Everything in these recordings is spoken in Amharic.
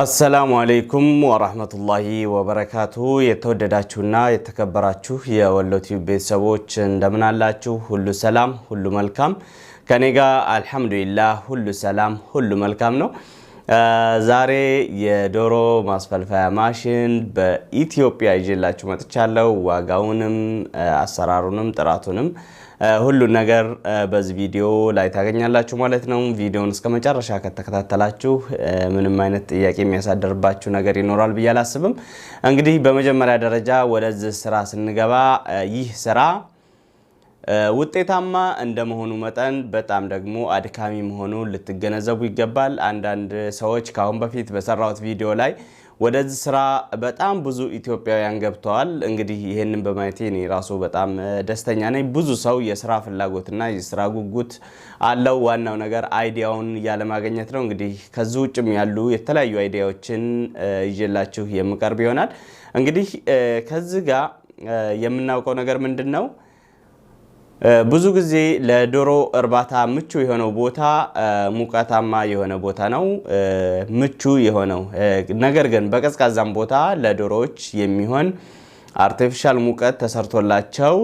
አሰላሙ አሌይኩም ወራህመቱላሂ ወበረካቱ። የተወደዳችሁና የተከበራችሁ የወሎ ቲዩብ ቤተሰቦች እንደምን አላችሁ? ሁሉ ሰላም፣ ሁሉ መልካም ከኔ ጋር አልሐምዱሊላህ፣ ሁሉ ሰላም፣ ሁሉ መልካም ነው። ዛሬ የዶሮ ማስፈልፈያ ማሽን በኢትዮጵያ ይዤላችሁ መጥቻለሁ። ዋጋውንም፣ አሰራሩንም፣ ጥራቱንም ሁሉን ነገር በዚህ ቪዲዮ ላይ ታገኛላችሁ ማለት ነው። ቪዲዮውን እስከ መጨረሻ ከተከታተላችሁ ምንም አይነት ጥያቄ የሚያሳደርባችሁ ነገር ይኖራል ብዬ አላስብም። እንግዲህ በመጀመሪያ ደረጃ ወደዚህ ስራ ስንገባ ይህ ስራ ውጤታማ እንደመሆኑ መጠን በጣም ደግሞ አድካሚ መሆኑን ልትገነዘቡ ይገባል። አንዳንድ ሰዎች ከአሁን በፊት በሰራሁት ቪዲዮ ላይ ወደዚህ ስራ በጣም ብዙ ኢትዮጵያውያን ገብተዋል። እንግዲህ ይህንን በማየቴ እኔ ራሱ በጣም ደስተኛ ነኝ። ብዙ ሰው የስራ ፍላጎትና የስራ ጉጉት አለው። ዋናው ነገር አይዲያውን ያለማግኘት ነው። እንግዲህ ከዚህ ውጭም ያሉ የተለያዩ አይዲያዎችን ይዤላችሁ የምቀርብ ይሆናል። እንግዲህ ከዚህ ጋር የምናውቀው ነገር ምንድን ነው? ብዙ ጊዜ ለዶሮ እርባታ ምቹ የሆነው ቦታ ሙቀታማ የሆነ ቦታ ነው ምቹ የሆነው። ነገር ግን በቀዝቃዛም ቦታ ለዶሮዎች የሚሆን አርቲፊሻል ሙቀት ተሰርቶላቸው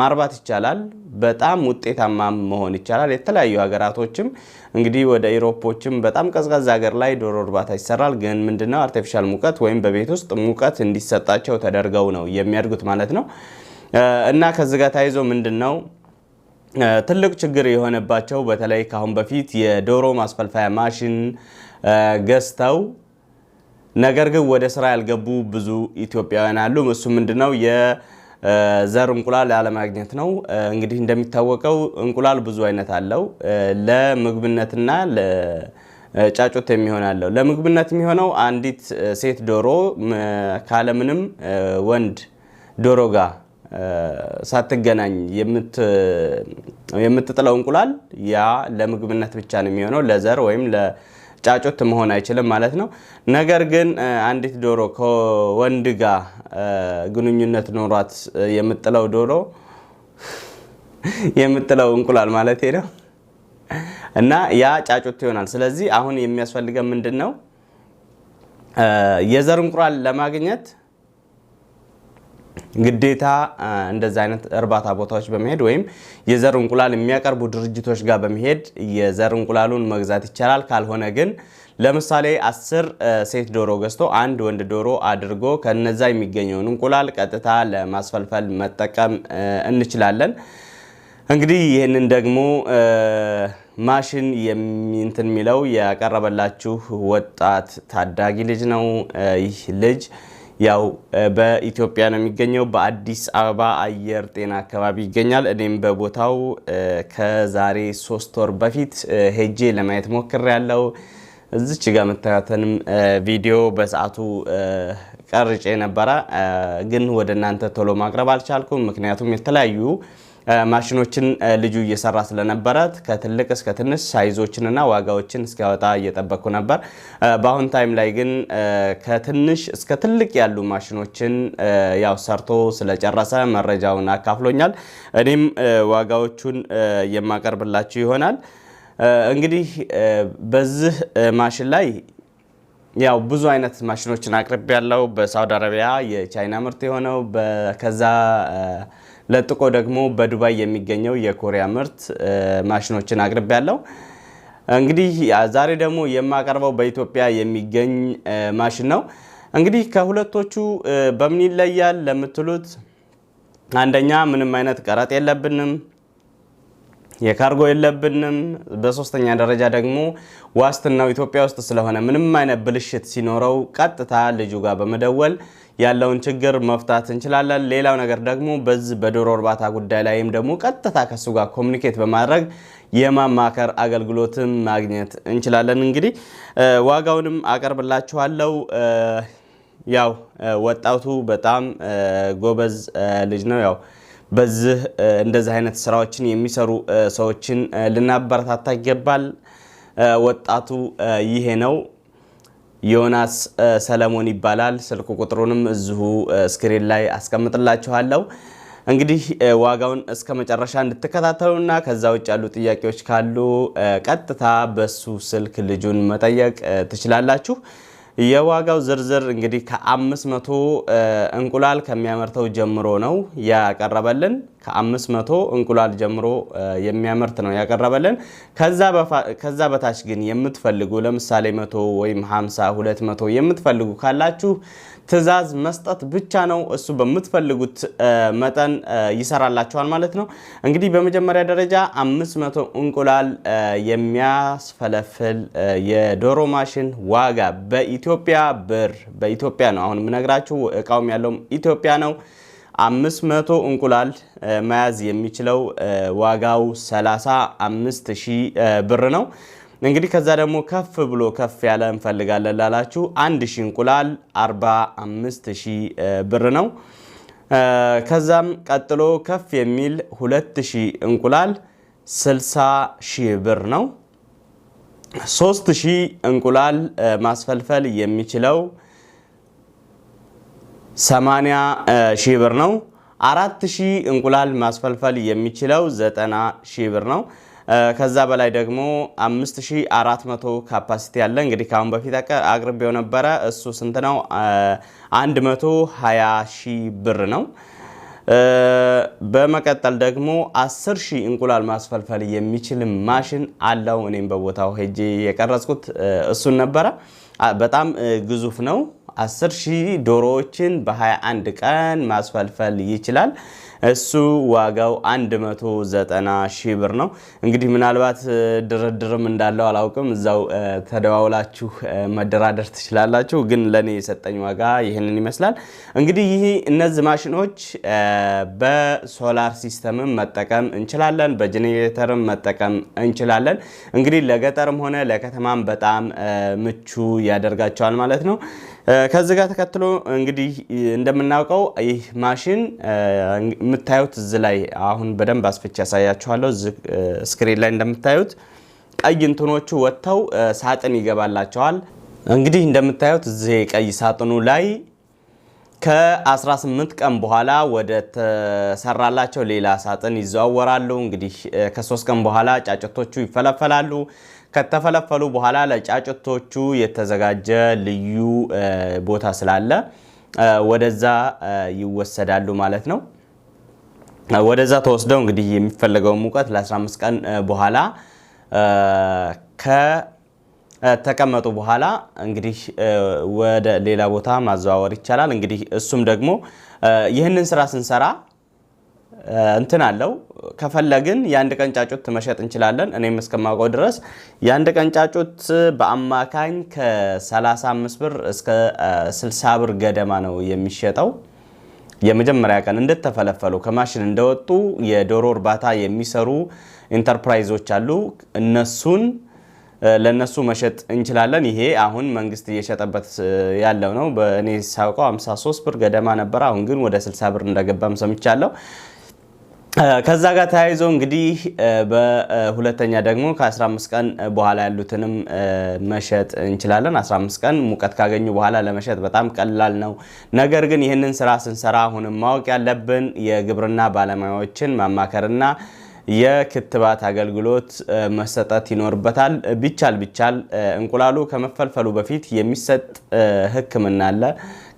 ማርባት ይቻላል። በጣም ውጤታማ መሆን ይቻላል። የተለያዩ ሀገራቶችም እንግዲህ ወደ ኢሮፖችም በጣም ቀዝቃዛ ሀገር ላይ ዶሮ እርባታ ይሰራል። ግን ምንድነው አርቲፊሻል ሙቀት ወይም በቤት ውስጥ ሙቀት እንዲሰጣቸው ተደርገው ነው የሚያድጉት ማለት ነው። እና ከዚህ ጋር ተያይዞ ምንድን ነው ትልቅ ችግር የሆነባቸው በተለይ ከአሁን በፊት የዶሮ ማስፈልፈያ ማሽን ገዝተው ነገር ግን ወደ ስራ ያልገቡ ብዙ ኢትዮጵያውያን አሉ። እሱ ምንድነው የዘር እንቁላል አለማግኘት ነው። እንግዲህ እንደሚታወቀው እንቁላል ብዙ አይነት አለው። ለምግብነትና ለጫጩት የሚሆን አለው። ለምግብነት የሚሆነው አንዲት ሴት ዶሮ ካለምንም ወንድ ዶሮ ጋር ሳትገናኝ የምትጥለው እንቁላል ያ ለምግብነት ብቻ ነው የሚሆነው፣ ለዘር ወይም ለጫጩት መሆን አይችልም ማለት ነው። ነገር ግን አንዲት ዶሮ ከወንድ ጋር ግንኙነት ኖሯት የምጥለው ዶሮ የምጥለው እንቁላል ማለት ነው እና ያ ጫጩት ይሆናል። ስለዚህ አሁን የሚያስፈልገን ምንድን ነው? የዘር እንቁላል ለማግኘት ግዴታ እንደዚህ አይነት እርባታ ቦታዎች በመሄድ ወይም የዘር እንቁላል የሚያቀርቡ ድርጅቶች ጋር በመሄድ የዘር እንቁላሉን መግዛት ይቻላል። ካልሆነ ግን ለምሳሌ አስር ሴት ዶሮ ገዝቶ አንድ ወንድ ዶሮ አድርጎ ከነዛ የሚገኘውን እንቁላል ቀጥታ ለማስፈልፈል መጠቀም እንችላለን። እንግዲህ ይህንን ደግሞ ማሽን የሚንትን የሚለው ያቀረበላችሁ ወጣት ታዳጊ ልጅ ነው። ይህ ልጅ ያው በኢትዮጵያ ነው የሚገኘው። በአዲስ አበባ አየር ጤና አካባቢ ይገኛል። እኔም በቦታው ከዛሬ ሶስት ወር በፊት ሄጄ ለማየት ያለው እዚች ጋር መተካተንም ቪዲዮ በሰዓቱ ቀርጬ ነበረ፣ ግን ወደ እናንተ ቶሎ ማቅረብ አልቻልኩም። ምክንያቱም የተለያዩ ማሽኖችን ልጁ እየሰራ ስለነበረ ከትልቅ እስከ ትንሽ ሳይዞችንና ዋጋዎችን እስኪያወጣ እየጠበቅኩ ነበር። በአሁን ታይም ላይ ግን ከትንሽ እስከ ትልቅ ያሉ ማሽኖችን ያው ሰርቶ ስለጨረሰ መረጃውን አካፍሎኛል። እኔም ዋጋዎቹን የማቀርብላችሁ ይሆናል። እንግዲህ በዚህ ማሽን ላይ ያው ብዙ አይነት ማሽኖችን አቅርብ ያለው በሳውዲ አረቢያ የቻይና ምርት የሆነው ከዛ ለጥቆ ደግሞ በዱባይ የሚገኘው የኮሪያ ምርት ማሽኖችን አቅርብ ያለው። እንግዲህ ዛሬ ደግሞ የማቀርበው በኢትዮጵያ የሚገኝ ማሽን ነው። እንግዲህ ከሁለቶቹ በምን ይለያል ለምትሉት፣ አንደኛ ምንም አይነት ቀረጥ የለብንም፣ የካርጎ የለብንም። በሶስተኛ ደረጃ ደግሞ ዋስትናው ኢትዮጵያ ውስጥ ስለሆነ ምንም አይነት ብልሽት ሲኖረው ቀጥታ ልጁ ጋር በመደወል ያለውን ችግር መፍታት እንችላለን። ሌላው ነገር ደግሞ በዚህ በዶሮ እርባታ ጉዳይ ላይም ደግሞ ቀጥታ ከሱ ጋር ኮሚኒኬት በማድረግ የማማከር አገልግሎትን ማግኘት እንችላለን። እንግዲህ ዋጋውንም አቀርብላችኋለሁ። ያው ወጣቱ በጣም ጎበዝ ልጅ ነው። ያው በዚህ እንደዚህ አይነት ስራዎችን የሚሰሩ ሰዎችን ልናበረታታ ይገባል። ወጣቱ ይሄ ነው። ዮናስ ሰለሞን ይባላል። ስልክ ቁጥሩንም እዚሁ ስክሪን ላይ አስቀምጥላችኋለሁ። እንግዲህ ዋጋውን እስከ መጨረሻ እንድትከታተሉና ከዛ ውጭ ያሉ ጥያቄዎች ካሉ ቀጥታ በሱ ስልክ ልጁን መጠየቅ ትችላላችሁ። የዋጋው ዝርዝር እንግዲህ ከአምስት መቶ እንቁላል ከሚያመርተው ጀምሮ ነው ያቀረበልን። ከ500 እንቁላል ጀምሮ የሚያመርት ነው ያቀረበልን። ከዛ በታች ግን የምትፈልጉ ለምሳሌ 100 ወይም 50፣ 200 የምትፈልጉ ካላችሁ ትዕዛዝ መስጠት ብቻ ነው። እሱ በምትፈልጉት መጠን ይሰራላችኋል ማለት ነው። እንግዲህ በመጀመሪያ ደረጃ 500 እንቁላል የሚያስፈለፍል የዶሮ ማሽን ዋጋ በኢትዮጵያ ብር በኢትዮጵያ ነው አሁን የምነግራችሁ። እቃውም ያለውም ኢትዮጵያ ነው። አምስት መቶ እንቁላል መያዝ የሚችለው ዋጋው 35 ሺህ ብር ነው። እንግዲህ ከዛ ደግሞ ከፍ ብሎ ከፍ ያለ እንፈልጋለን ላላችሁ አንድ ሺህ እንቁላል 45 ሺህ ብር ነው። ከዛም ቀጥሎ ከፍ የሚል 2000 እንቁላል 60 ሺህ ብር ነው። 3000 እንቁላል ማስፈልፈል የሚችለው ሰማንያ ሺህ ብር ነው። አራት ሺህ እንቁላል ማስፈልፈል የሚችለው ዘጠና ሺህ ብር ነው። ከዛ በላይ ደግሞ 5400 ካፓሲቲ ያለ እንግዲህ ከአሁን በፊት አቅርቤው ነበረ። እሱ ስንት ነው? 120 ሺህ ብር ነው። በመቀጠል ደግሞ 10 ሺህ እንቁላል ማስፈልፈል የሚችል ማሽን አለው። እኔም በቦታው ሄጄ የቀረጽኩት እሱን ነበረ። በጣም ግዙፍ ነው። አስር ሺህ ዶሮዎችን በ21 ቀን ማስፈልፈል ይችላል። እሱ ዋጋው 190 ሺህ ብር ነው። እንግዲህ ምናልባት ድርድርም እንዳለው አላውቅም። እዛው ተደዋውላችሁ መደራደር ትችላላችሁ። ግን ለእኔ የሰጠኝ ዋጋ ይህንን ይመስላል። እንግዲህ ይህ እነዚህ ማሽኖች በሶላር ሲስተምም መጠቀም እንችላለን፣ በጄኔሬተርም መጠቀም እንችላለን። እንግዲህ ለገጠርም ሆነ ለከተማም በጣም ምቹ ያደርጋቸዋል ማለት ነው። ከዚህ ጋር ተከትሎ እንግዲህ እንደምናውቀው ይህ ማሽን የምታዩት እዚህ ላይ አሁን በደንብ አስፍቼ ያሳያችኋለሁ። ስክሪን ላይ እንደምታዩት ቀይ እንትኖቹ ወጥተው ሳጥን ይገባላቸዋል። እንግዲህ እንደምታዩት እዚህ ቀይ ሳጥኑ ላይ ከ18 ቀን በኋላ ወደ ተሰራላቸው ሌላ ሳጥን ይዘዋወራሉ። እንግዲህ ከሶስት ቀን በኋላ ጫጭቶቹ ይፈለፈላሉ። ከተፈለፈሉ በኋላ ለጫጭቶቹ የተዘጋጀ ልዩ ቦታ ስላለ ወደዛ ይወሰዳሉ ማለት ነው። ወደዛ ተወስደው እንግዲህ የሚፈለገውን ሙቀት ለ15 ቀን በኋላ ከ ተቀመጡ በኋላ እንግዲህ ወደ ሌላ ቦታ ማዘዋወር ይቻላል። እንግዲህ እሱም ደግሞ ይህንን ስራ ስንሰራ እንትን አለው። ከፈለግን የአንድ ቀን ጫጩት መሸጥ እንችላለን። እኔም እስከማውቀው ድረስ የአንድ ቀን ጫጩት በአማካኝ ከ35 ብር እስከ 60 ብር ገደማ ነው የሚሸጠው። የመጀመሪያ ቀን እንደተፈለፈሉ ከማሽን እንደወጡ የዶሮ እርባታ የሚሰሩ ኢንተርፕራይዞች አሉ እነሱን ለነሱ መሸጥ እንችላለን። ይሄ አሁን መንግስት እየሸጠበት ያለው ነው። በእኔ ሳውቀው 53 ብር ገደማ ነበር። አሁን ግን ወደ 60 ብር እንደገባም ሰምቻለሁ። ከዛ ጋር ተያይዞ እንግዲህ በሁለተኛ ደግሞ ከ15 ቀን በኋላ ያሉትንም መሸጥ እንችላለን። 15 ቀን ሙቀት ካገኙ በኋላ ለመሸጥ በጣም ቀላል ነው። ነገር ግን ይህንን ስራ ስንሰራ አሁንም ማወቅ ያለብን የግብርና ባለሙያዎችን ማማከርና የክትባት አገልግሎት መሰጠት ይኖርበታል። ቢቻል ቢቻል እንቁላሉ ከመፈልፈሉ በፊት የሚሰጥ ሕክምና አለ።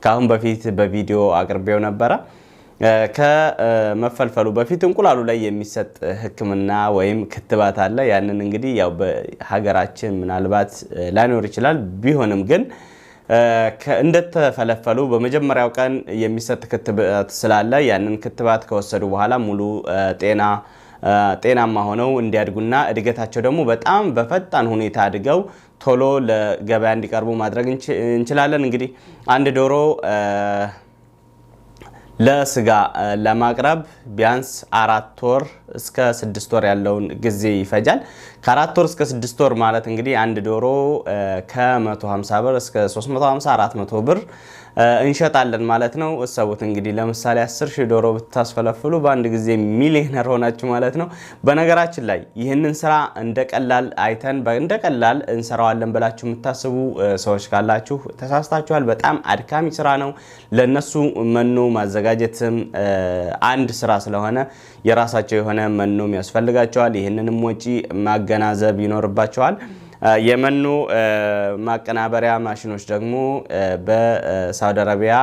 ከአሁን በፊት በቪዲዮ አቅርቤው ነበረ። ከመፈልፈሉ በፊት እንቁላሉ ላይ የሚሰጥ ሕክምና ወይም ክትባት አለ። ያንን እንግዲህ ያው በሀገራችን ምናልባት ላይኖር ይችላል። ቢሆንም ግን እንደተፈለፈሉ በመጀመሪያው ቀን የሚሰጥ ክትባት ስላለ ያንን ክትባት ከወሰዱ በኋላ ሙሉ ጤና ጤናማ ሆነው እንዲያድጉና እድገታቸው ደግሞ በጣም በፈጣን ሁኔታ አድገው ቶሎ ለገበያ እንዲቀርቡ ማድረግ እንችላለን። እንግዲህ አንድ ዶሮ ለስጋ ለማቅረብ ቢያንስ አራት ወር እስከ ስድስት ወር ያለውን ጊዜ ይፈጃል። ከአራት ወር እስከ ስድስት ወር ማለት እንግዲህ አንድ ዶሮ ከ150 ብር እስከ 350 400 ብር እንሸጣለን ማለት ነው። እሰቡት እንግዲህ ለምሳሌ 10 ሺህ ዶሮ ብታስፈለፍሉ በአንድ ጊዜ ሚሊዮነር ሆናችሁ ማለት ነው። በነገራችን ላይ ይህንን ስራ እንደ ቀላል አይተን እንደቀላል እንሰራዋለን ብላችሁ የምታስቡ ሰዎች ካላችሁ ተሳስታችኋል። በጣም አድካሚ ስራ ነው። ለነሱ መኖ ማዘጋጀትም አንድ ስራ ስለሆነ የራሳቸው የሆነ መኖም ያስፈልጋቸዋል። ይህንንም ወጪ ማገ መገናዘብ ይኖርባቸዋል። የመኖ ማቀናበሪያ ማሽኖች ደግሞ በሳውዲ አረቢያ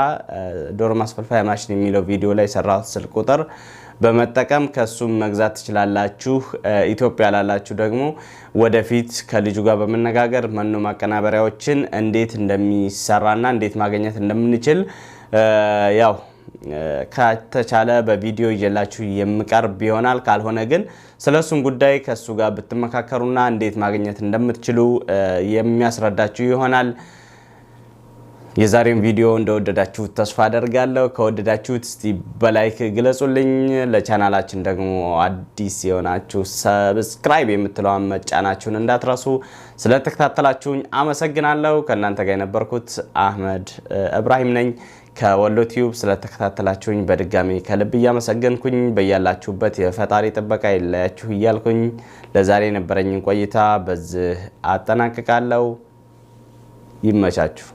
ዶሮ ማስፈልፈያ ማሽን የሚለው ቪዲዮ ላይ የሰራሁት ስልክ ቁጥር በመጠቀም ከሱም መግዛት ትችላላችሁ። ኢትዮጵያ ላላችሁ ደግሞ ወደፊት ከልጁ ጋር በመነጋገር መኖ ማቀናበሪያዎችን እንዴት እንደሚሰራና እንዴት ማግኘት እንደምንችል ያው ከተቻለ በቪዲዮ እየላችሁ የምቀርብ ይሆናል። ካልሆነ ግን እሱን ጉዳይ ከእሱ ጋር ብትመካከሩና እንዴት ማግኘት እንደምትችሉ የሚያስረዳችሁ ይሆናል። የዛሬን ቪዲዮ እንደወደዳችሁት ተስፋ አደርጋለሁ። ከወደዳችሁት እስቲ በላይክ ግለጹልኝ። ለቻናላችን ደግሞ አዲስ የሆናችሁ ሰብስክራይብ የምትለዋን መጫናችሁን እንዳትረሱ። ስለተከታተላችሁኝ አመሰግናለሁ። ከእናንተ ጋር የነበርኩት አህመድ እብራሂም ነኝ። ከወሎ ቲዩብ ስለተከታተላችሁኝ በድጋሚ ከልብ እያመሰገንኩኝ በያላችሁበት የፈጣሪ ጥበቃ ይለያችሁ እያልኩኝ ለዛሬ የነበረኝን ቆይታ በዚህ አጠናቅቃለሁ። ይመቻችሁ።